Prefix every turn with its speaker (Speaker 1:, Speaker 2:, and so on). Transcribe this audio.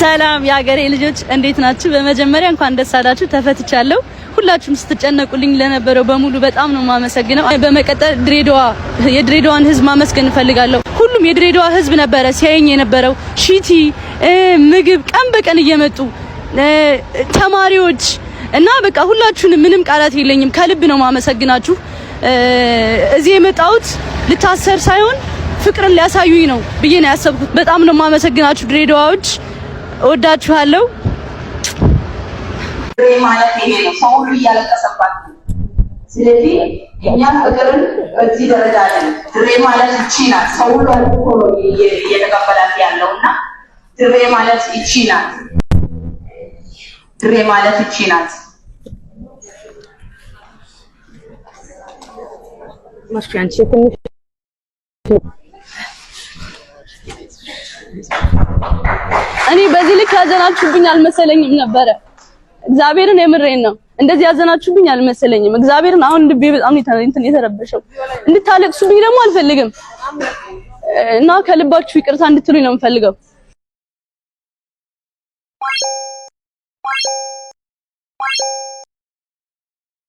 Speaker 1: ሰላም የሀገሬ ልጆች እንዴት ናችሁ? በመጀመሪያ እንኳን ደስ አላችሁ፣ ተፈትቻለሁ። ሁላችሁም ስትጨነቁልኝ ለነበረው በሙሉ በጣም ነው የማመሰግነው። በመቀጠል ድሬዳዋ የድሬዳዋን ህዝብ ማመስገን እንፈልጋለሁ። ሁሉም የድሬዳዋ ህዝብ ነበረ ሲያየኝ የነበረው ሺቲ ምግብ ቀን በቀን እየመጡ ተማሪዎች እና በቃ ሁላችሁንም ምንም ቃላት የለኝም። ከልብ ነው ማመሰግናችሁ። እዚህ የመጣሁት ልታሰር ሳይሆን ፍቅርን ሊያሳዩኝ ነው ብዬ ነው ያሰብኩት። በጣም ነው ማመሰግናችሁ ድሬዳዋዎች። እወዳችኋለሁ።
Speaker 2: ማለት ይሄ ነው። ሰው ሁሉ እያለቀሰባት ነው። ስለዚህ እኛ ፍቅርን በዚህ ደረጃ አለን። ድሬ ማለት እቺ ናት። ሰው ሁሉ እየተቀበላት ያለው እና ድሬ ማለት እቺ ናት። ድሬ ማለት እቺ ናት። ማርሻንቺ ትንሽ
Speaker 1: እኔ በዚህ ልክ ያዘናችሁብኝ አልመሰለኝም ነበረ። እግዚአብሔርን የምሬን ነው። እንደዚህ ያዘናችሁብኝ አልመሰለኝም። እግዚአብሔርን አሁን ልቤ በጣም እንትን የተረበሸው እንድታለቅሱብኝ ደግሞ አልፈልግም እና ከልባችሁ ይቅርታ እንድትሉኝ ነው የምፈልገው።